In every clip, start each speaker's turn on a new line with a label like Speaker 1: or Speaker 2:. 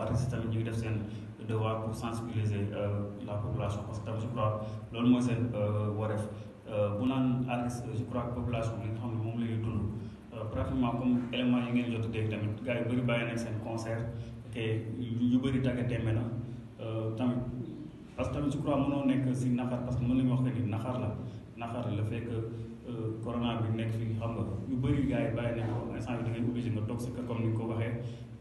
Speaker 1: artistes yi tamit ñu ngi def seen devoir pour sensibiliser la population parce que tamit je crois loolu mooy seen wareef bu naan artiste je crois population li nga xam ne moom la ñuy dund pratiquement comme élément yi ngeen jot a dégg tamit gars yu bëri bàyyi nañ seen concert te ñu bëri tàggat tembe na tamit parce que tamit je crois mënoo nekk si naxar parce que mën nañu wax que ni naxar la naxar la fekk corona bi nekk fii xam nga yu bëri gars yi bàyyi nañ ko instant bi da ngay obligé nga toog si kër comme ni nga ko waxee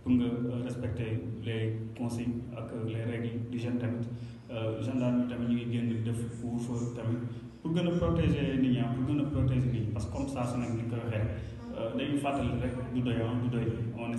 Speaker 1: pour nga euh, respecter les consignes ak euh, les règles d'hygiène tamit euh, gendarme yi tamit ñu ngi génn def couvre-feu tamit pour gën a protéger nit ñi ah, pour gën a protéger nit ñi parce que comme ça su nekk ni ko waxee dañu fàttali rek du doy ah, du doy on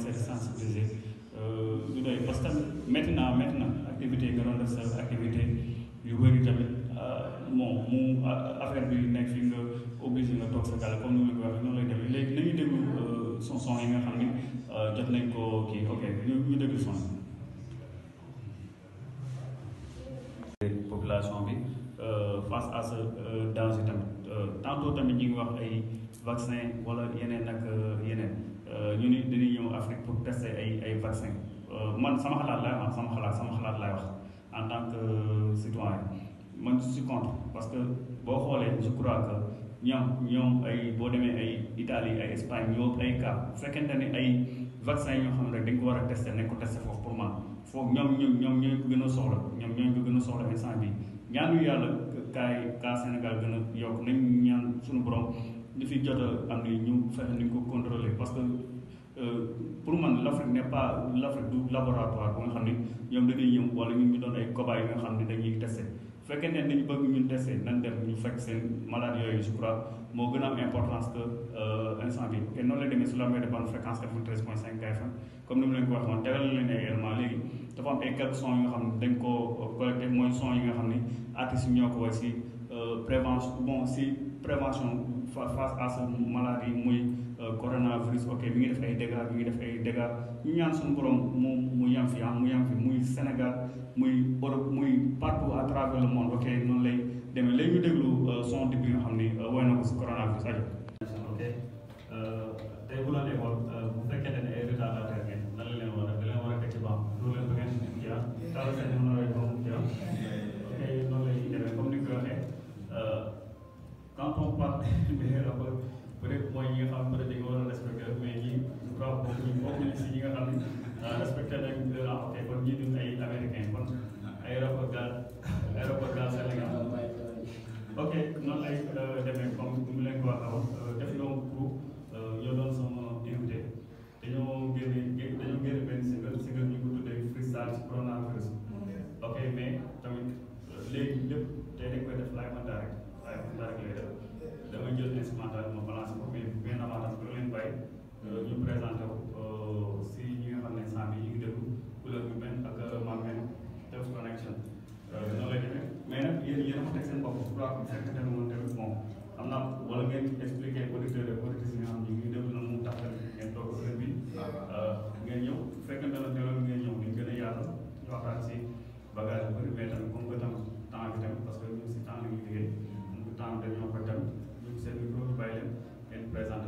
Speaker 1: Euh, daaw si tamit euh, tantôt tamit ñu ngi wax ay vaccin wala yeneen ak euh, yeneen ñu ni dañuy ñëw Afrique pour tester ay ay vaccin man sama xalaat laay wax sama xalaat sama xalaat laay wax en tant que citoyen man je contre parce que boo xoolee je crois que ñoom ñoom ay boo demee ay Italie ay Espagne ñoo ay cas bu fekkente ne ay vaccin yi ñoo xam ne rek dañ ko war a tester nañ ko tester foofu pour man foofu ñoom ñoom ñoom ñooy ko gën a soxla ñoom ñooy ko gën a soxla instant bi ñaanu yàlla cas yi cas Sénégal gën a yokk nañ ñaan suñu borom li fi jot a am ni ñu fexe ni ko contrôler parce que euh, pour man l' ne n' est pas l' Afrique du laboratoire ba nga xam ne ñoom dañuy yëm wala ñun ñu doon ay cobaye yi nga xam ne dañuy testé. bu fekkee ne dañu bëgg ñun dese nan dem fekk seen malade yooyu je crois moo gën a am importance que euh, instant bi te noonu la demee sur la moyenne de bande fréquence 93.5 KFM comme ni mu leen ko waxee woon tegal leen ay élément léegi dafa am ay quelques sons yi nga xam ne dañ koo collecté mooy son yi nga xam ne artistes yi ñoo ko woy si euh, prévention bon si prévention face à sa maladie muy. Eh, coronavirus ok mi ngi def ay dégâts mi ngi def ay dégâts ñu ñaan suñu borom mu mu yam fi am ah, mu yam fi muy Sénégal muy Europe muy partout à le monde ok noonu lay demee léegi ñu eh, son dib bi nga xam ni eh, woy na ko si coronavirus ajo te nag ñu doon wax te kon ñi duñ ay américain kon aéroport gaz aéroport gaz Sénégal ok noonu lay euh, demee comme ni mu leen ko waxee euh, def yoon pour euh, ñoo doon sama invité dañoo génne dañoo génne benn single single ñu ko tuddee freestyle ci coronavirus ok mais tamit léegi lépp tey dañ koy def laay man daal rek laay man daal rek lay def damay jël instrumental ma balancé ko mais bien avant que leen bàyyi ñu présenté ko.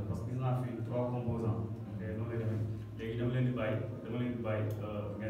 Speaker 1: parce que gis naa fi trois le te noonu lay demee léegi dama leen di bàyyi dama leen di bàyyi euh,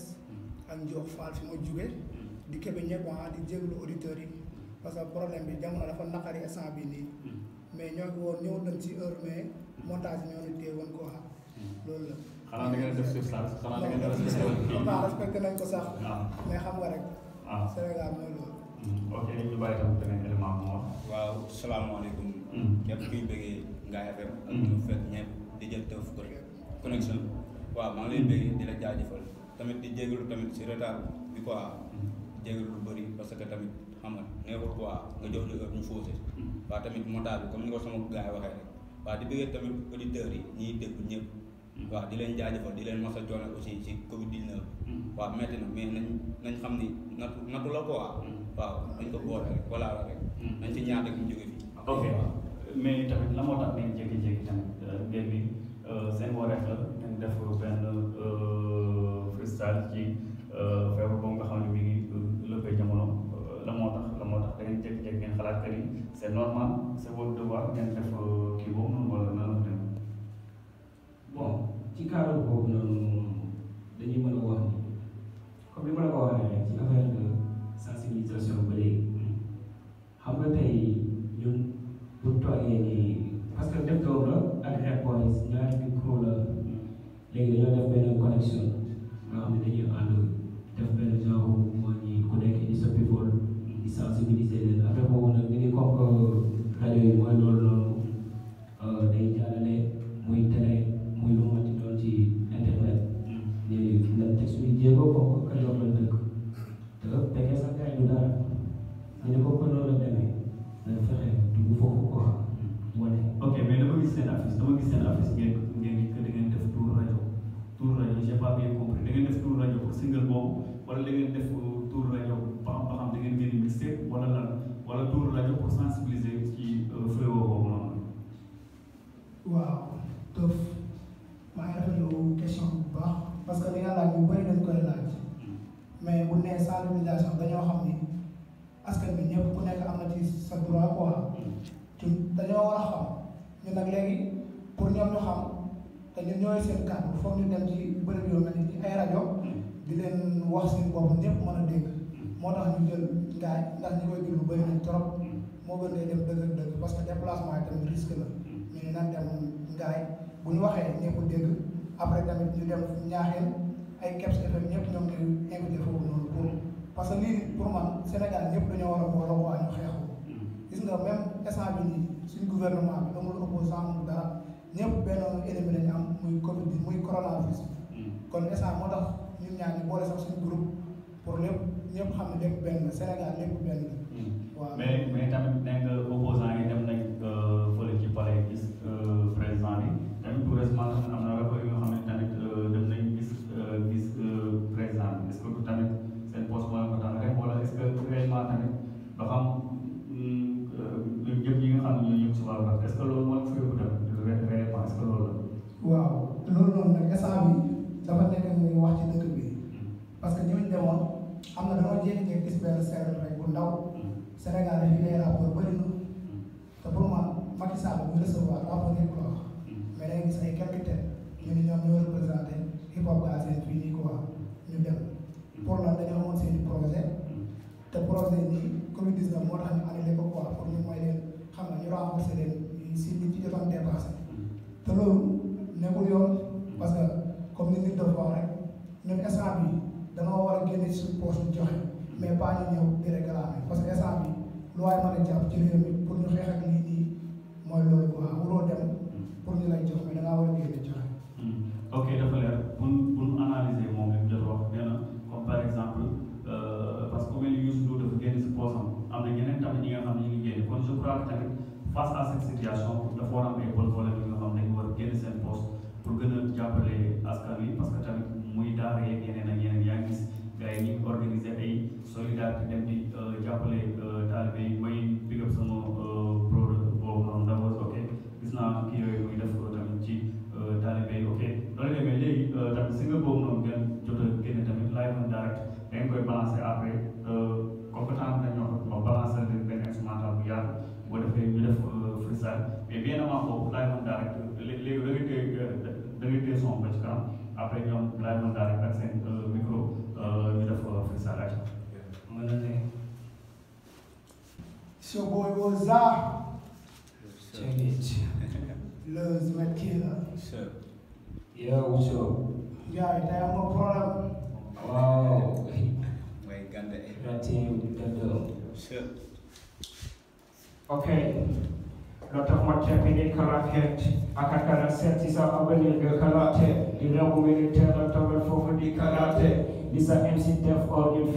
Speaker 2: Thiès ak Ndiokh Fall fi ma jugee di kebe ñëpp ah di jéglu auditeurs yi parce que problème bi jamono dafa naqari instant bi nii mais ñoo ngi woon ñëw nañ ci heure mais montage ñoo ñu téye woon ko ah loolu la. xanaa da ngeen def surcharge xanaa da ngeen def
Speaker 1: respecté nañ ko sax. Ah. mais xam nga rek. waaw ah. Sénégal mooy
Speaker 3: Connection. Mm-hmm. Mm-hmm. Mm-hmm. waaw maa ngi lay bëggee di la tamit di jégalu tamit si retard bi quoi mm-hmm. jégalu lu bëri parce que tamit xam nga neexul quoi nga jox ñu heure ñu mm-hmm. waa tamit montage bi comme ni ko sama gars yi waxee rek waa di bëggee tamit auditeurs yi ñiy dégg ñëpp mm-hmm. waaw di leen jaajëfal di leen masa coono aussi ci Covid 19. waaw métti na mais nañ nañ xam ni natu natu la quoi. waaw dañ
Speaker 1: ko boole rek voilà la rek. nañ ci ñaata ñu jóge fii. ok mais tamit la moo tax ngeen jékki-jékki tamit euh, mbir seen wareef la ngeen def benn. Euh, Sall ci euh, feebar boobu nga xam ne mi ngi euh, lëppee jamono euh, la moo tax la moo tax da ngeen jékki-jékki ngeen xalaat que ni c' est normal c' est votre devoir ngeen def kii boobu noonu wala nan la dem bon ci cadre boobu noonu
Speaker 4: dañuy mën a wax ni comme li ma la ko waxee rek ci affaire de sensibilisation ba léegi xam nga tey ñun bu toogee nii parce que def doom la ak airport ñaari micro la léegi dañoo def benn connexion nga xam ne dañuy ànd def benn genre mooy ni ku nekk di soppi fool di sensibiliser leen après moom nag ñu ngi comme que rajo yi mooy loolu noonu euh, day jàllale muy télé muy lu mati doon ci internet mm. léegi lan teg suñu jéego kooku ka jox leen dëkk te fekkee sax gars yi du dara ñu ne kooku loolu la demee dañ fexe dugg foofu quoi mm. wane ok mais dama gis
Speaker 1: seen affiche dama gis seen affiche ngeen ngeen que da ngeen def pour rajo tour rajo j'ai pas bien compris da rajo pour single boobu wala da ngeen def rajo ba xam ba xam da ngeen lan wala tour rajo pour sensibiliser ci euh, fléau boobu noonu.
Speaker 2: waaw Teuff maa ngi rafetlu question bu baax parce que li nga laaj bu bëri dañ koy laaj mais bu nee sensibilisation dañoo xam ni askan bi ñëpp ku nekk am na ci sa droit quoi mm. dañoo war a xam ñun nag te ñun ñooy seen kàddu foog ñu dem ci bërëb yoo mel ni ci ay rajo di leen wax seen bopp ñëpp mën a dégg moo tax ñu jël ngaay ndax ñu koy jël bëri nañ trop moo gën ngay dem dëgg dëgg parce que déplacement yi tamit risque la ñu ne naan dem ngaay bu ñu waxee ñëpp dégg après tamit ñu dem ñaaxeen ay Kebs FM ñëpp ñoom ñu invité foofu noonu pour parce que lii pour man Sénégal ñëpp dañoo war a booloo waa ñu xeexu gis nga même instant bi nii suñ gouvernement bi amul opposant amul dara ñëpp benn ennemi lañu am muy Covid bi muy coronavirus bi. Hmm. kon instant moo tax ñun ñaar ñu boole sax suñu groupe pour lépp ñëpp xam ne lépp benn Sénégal lépp benn la.
Speaker 1: Hmm. waaw mais mais tamit nekk opposant
Speaker 2: loolu noonu nag instant bi dafa nekk muy wax ci dëkk bi parce que ñooñu demoon am na dañoo jékki-jékki gis benn séeréer rek bu ndaw Sénégal yi lay rapport bëri na te pour man Macky Sall bu recevoir rapport nekk loo wax mais day gis ay quelques têtes ñu ne ñoom ñoo représenté hip hop gazette fii nii quoi ñu dem pour lan dañoo amoon seen projet te projet nii Covid 19 moo tax ñu annulé ko quoi pour ñu mooy leen xam nga ñu renforcer leen si li ci jotoon dépassé te loolu. nekkul yoon parce que comme ni nit doon wax rek ñun instant bi danoo war a génne suñu poche ñu joxe mais pas ñu ñëw di réclamer parce que instant bi lu waay mën a jàpp ci réew mi pour ñu xeex ak lii nii mooy loolu quoi waroo dem pour ñu lay jox mais dangaa war a génne joxe.
Speaker 1: Hmm. ok dafa leer bu bu nu analyser moom li mu jot wax nee na comme par exemple euh, parce que mel ni Youssou Ndour dafa génn si poosam am na ñeneen tamit ñi nga xam ne ñu ngi génn kon je crois que tamit face à cette situation dafa war a am ay
Speaker 2: Two. Yo, Ucho. Yeah, I am a problem. Wow. Wait, Ganda. That eh? team, Ganda. Sure. Okay.
Speaker 4: Lot of what happened in Kalaket. Akakara set is a avenue in Kalate. You know, we will tell a tower for the Kalate. Lisa MC Def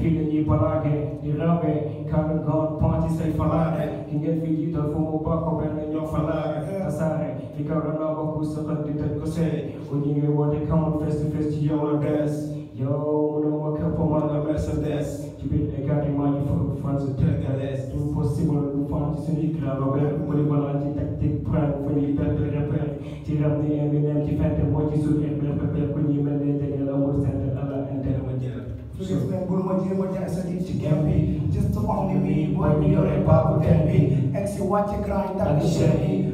Speaker 4: ni balage ni rabe kan gon say falade ki ngeen fi jiital fu mu bokk benn ñoo falade tasaare Ikaw na loo ko kusakal di tat ko se Unyi nge wate kama face to face to yow la des Yo, muna mwa ka po man la mess of des Kibit e kati mani for fans to take the less Impossible to find this in ikra la wer Kupoli wala di taktik pran Funi pepe repel Ti rap ni eminem ti fente mo ti suri emre pepe Kunyi mende jage la mo sende ala enter ma jela Just then, Guru Majir Majir said it can be just only me, boy, me or a babu, then me. Ex, you watch a grind, that is shady.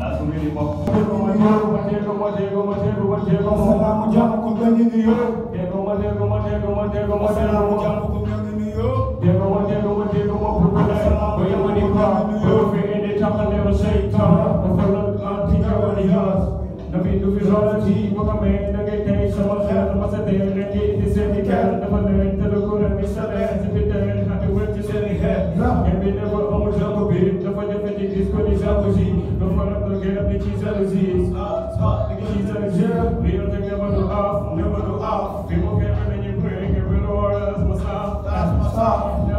Speaker 1: That's really what. Assalamu alaikum ganni ni
Speaker 5: yo. Dego ma dego ma dego ma dego ma assalamu alaikum ganni ni yo. Dego ma dego ma dego ma putala assalamu alaikum ganni ni yo. Fi ene takale o shaitan wa falak antika wa nihas. Nabi du fi zalati wa kame nage tay sama khayal masate nage tise dikal nafa nage tadukura misale sifite hatu wa tise ni hai. Nabi never amujama get this cause they jealousy. No front up, no get up, bitch, he's jealousy. It's up, spot, nigga, he's jealous, yeah. never
Speaker 3: do off, never do off. People can't run in your get rid of all that's my style, that's my style.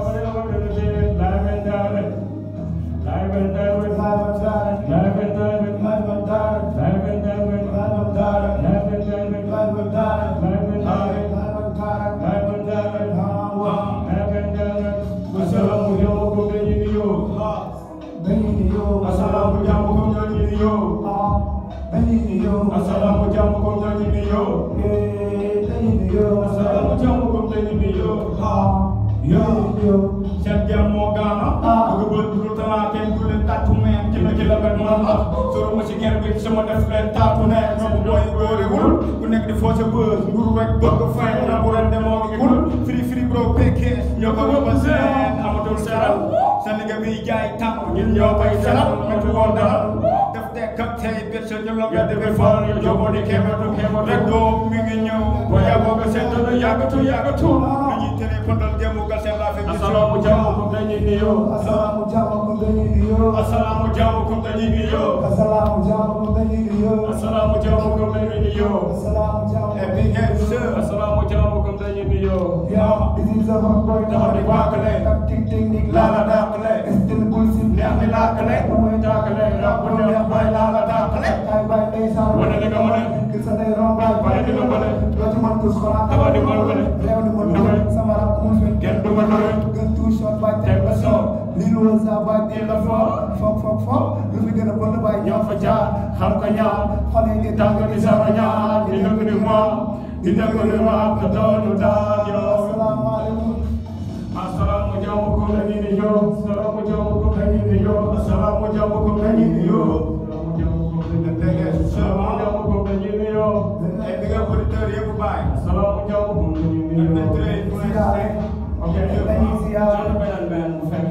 Speaker 3: na ci labet man la soro ma ci ger bi sama def leen taatu ne romb booy góoriwul ku nekk di foo sa bës nguur rek bëgg fin rabu ren de moo ngi wul firi firi bro pékee ñoo ko wëba seen amatul seral sa liggéey biy jaay tàmm ñun ñoo koy seral métti woon dara def dekk ak tey biir sa ñoom la nga defee fal jobo di keebatu keebatu rek doo mi ngi ñëw boo yàggoo nga seetlu yàggatu yàggatu dañuy télé fondal jemu gas asalaamu jàmm comme dañuy nuyoo. asalaamu jàmm comme dañuy nuyoo. asalaamu jàmm comme dañuy nuyoo. asalaamu jàmm comme dañuy nuyoo. asalaamu jàmm comme dañuy nuyoo. asalaamu jàmm. et puis ngeen sër. asalaamu jàmm comme dañuy nuyoo. yaa isin sama boy. dafa di bàqale. ak tic technique laa la dàqale. style bullshit neex mi làqale. mooy dàqale. ràpp neex bay laa la dàqale. ay bay ndeysaan. wane li nga mën a. kër sa day romb ay bay. wane li
Speaker 2: nga mën a. doo ci mën kus xalaat. dafa di mën a. réew di mën a. sama rab mu fi. kenn du ma doyoo. dugal sa baat di la foor foog foog foog lu fi gën
Speaker 3: bon baay ñoo fa jaar xam ko ñaar xol di tàng di sara ñaar di dëgg di moor di dëgg di moor te doonu daal yow asalaamaaleykum asalaamu jaww ko la ko la ko la ok Tường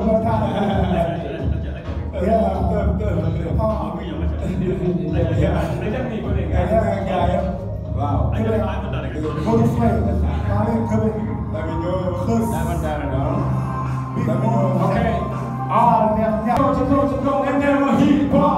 Speaker 3: hơi thang Yeah, tường, tường, tường Họ Wow hít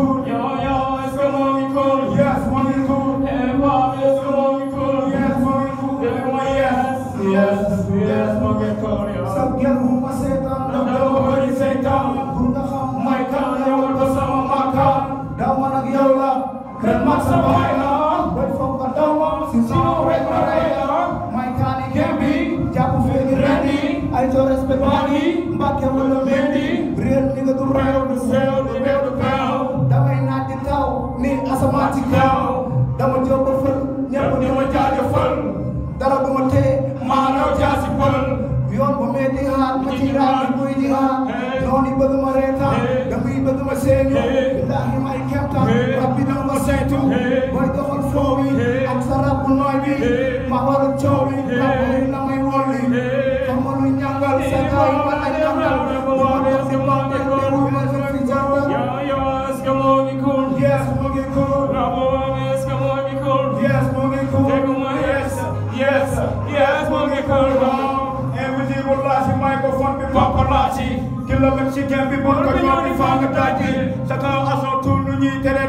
Speaker 3: fon bi moo ko laasi kilomètre si bi bon ko ñoo di faa nga sa kaw aso tuul lu ñuy tere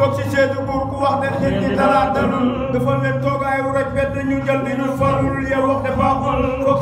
Speaker 3: wax de xit ñi dara dalul dafa leen toogaay wu rek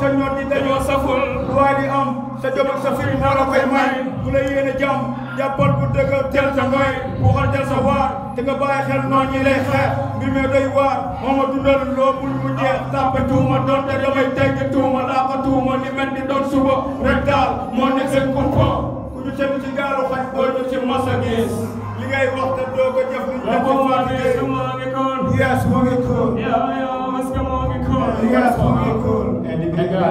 Speaker 3: sa ñoon di dañoo saful waaye di am sa jom ak sa firi koy may bu la yéene jàmm jàppal bu dëgg teel sa ngoy bu xal sa waar te nga bàyyi xel noon lay xeex mbir mi doy waar moo ma dundal loo bul jeex tàppe tuuma doonte damay tegg tuuma laa ko tuuma li mel ni doon suba rek daal moo nekk seen kumpa ku ñu tegu ci gaalu xaj boo ñu ci masa gis li ngay wax te doo ko jëf ni ko maa ngi maa ngi koon yes moo ngi koon yaa yaa parce que moo ngi koon yes
Speaker 4: moo ngi koon e di dega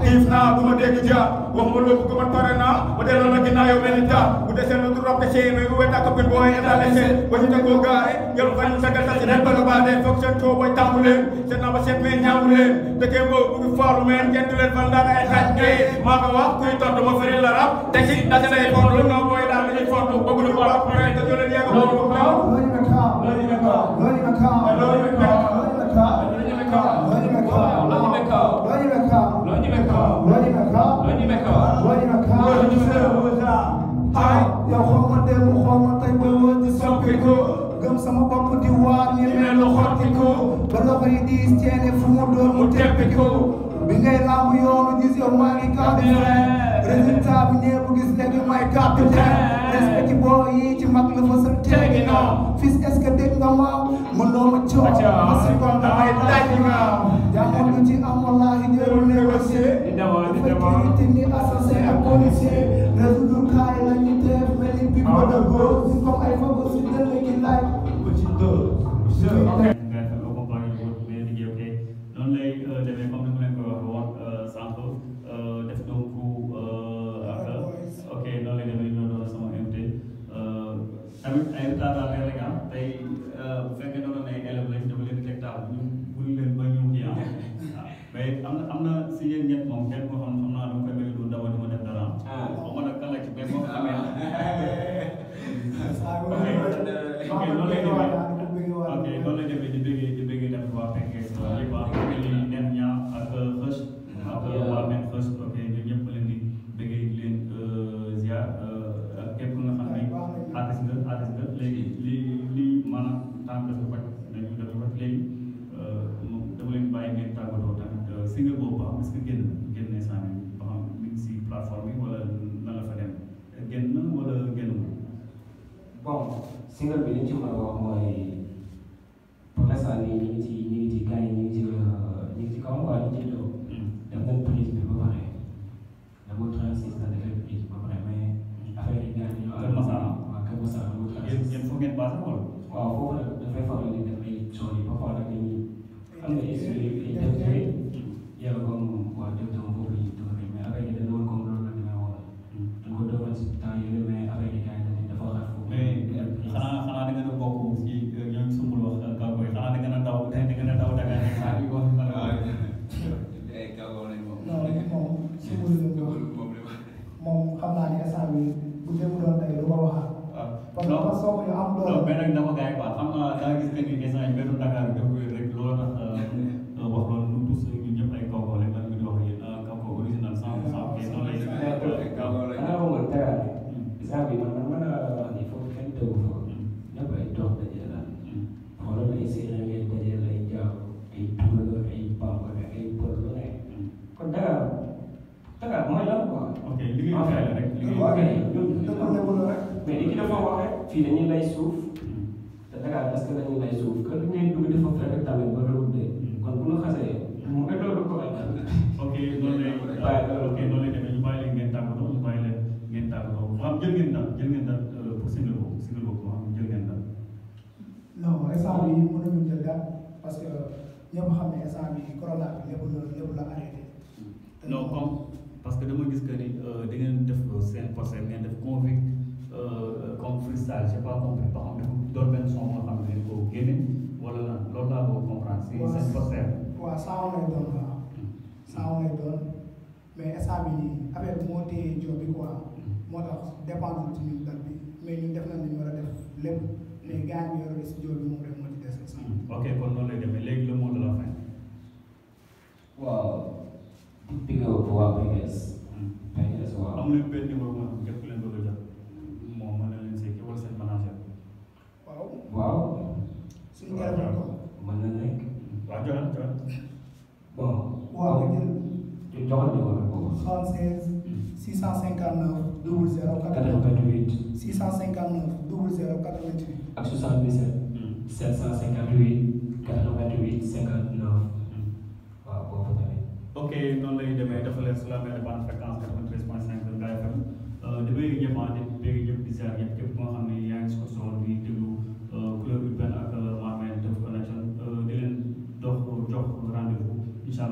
Speaker 3: if naa duma dégg jaar wax ma loolu ko man pare naa ma delloo la ginnaaw yow benn jaar bu desee lu rokk ci mais bu wet ak bin booy état laissé ba ñu tegoo gaare yow fañ sagal sa ci ren ba ba dee foog seen coow booy tàmbu leen seen naa ba seet mais ñaawu leen dëkkee boo bugg faalu meen kenn du leen fan daan ay xaaj ngay maa ko wax kuy tontu ma firi la rab te ci dajale ay fond lu nga booy daal dañuy fond bëgg lu ko wax te ñu leen yegg ko sama bopp di waar ñu mel lu
Speaker 2: xotti bi ngay laamu yoonu gis yow maa ngi gàtt résultat bi ñëpp gis léegi may gàtt respect ci yi ci mag la ma sa teegi naa fils est-ce que dégg nga maam mënoo ma coow ma si kon damay laaj maam jàmmoon du ci am wallaahi jarul négocier
Speaker 4: dafa kii ni
Speaker 2: assassin ak policier
Speaker 4: 在一起。
Speaker 1: si nga bokk ma jël ngeen dal. non instant bii mënuñu jël
Speaker 2: dal parce que ñëpp xam ne la lépp la arrêté.
Speaker 1: non comme parce que dama gis que ni def seen procès ngeen def convict comme freestyle j'ai pas compris ba xam ne son nga ne dañ koo wala lan loolu laa ko comprendre. si seen procès. saa lay doon waaw saa lay
Speaker 2: doon mais instant bii nii affaire bi moo téye job bi quoi moo tax dépendre bi. mais ñun def nañ li ñu war a def lépp mais gars yi ñu yor studio bi moom rek moo ci des sànq.
Speaker 4: ok
Speaker 1: kon noonu lay demee léegi le mot de la fin. waaw. di big
Speaker 4: up waa PNS.
Speaker 1: PNS waaw. am nañ benn numéro bu nga xam leen doon jàpp moom mën na leen see kii wala seen manager. waaw. waaw. suñu gërëm ko. mën na nekk. waaw joxe joxe. bon. waaw. joxe numéro
Speaker 4: boobu. 76. 659 00 88 659 00 88 ak 77 758
Speaker 1: 88 59 waaw boobu tamit ok noonu lay demee dafa leen su la mel bande fréquence 93.5 Ngaye FM euh, di bëgg ñëpp di bëgg ñëpp di ziar ñëpp képp koo xam ne yaa ngi si ko soxla di déglu euh, couleur urbaine ak Mohamed Def Connection di leen dox jox rendez-vous incha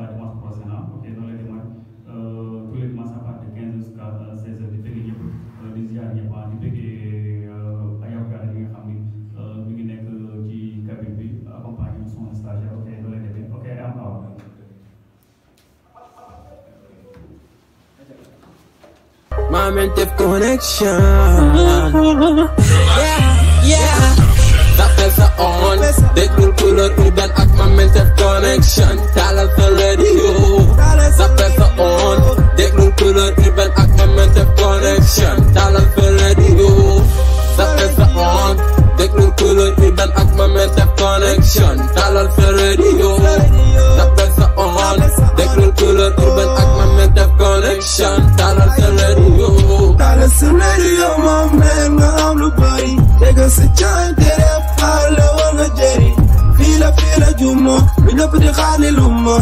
Speaker 4: permanent connection. Yeah, yeah. Dat is on. Dit wil cooler u dan at moment of connection. Tell us the radio. Dat is on. Dit wil cooler u dan at moment of connection. Tell us the radio. Dat is on. teg nañ couleur yi dan ak ma mère def connexion dalal sa radio tappel sa oran teg nañ couleur yi dan ak ma mère def connexion dalal sa radio dalal sa radio ma mère nga am lu bari tegal sa caay tere faale war nga jëri fii la
Speaker 2: fii la juma bi ñëpp di xaar li lu ma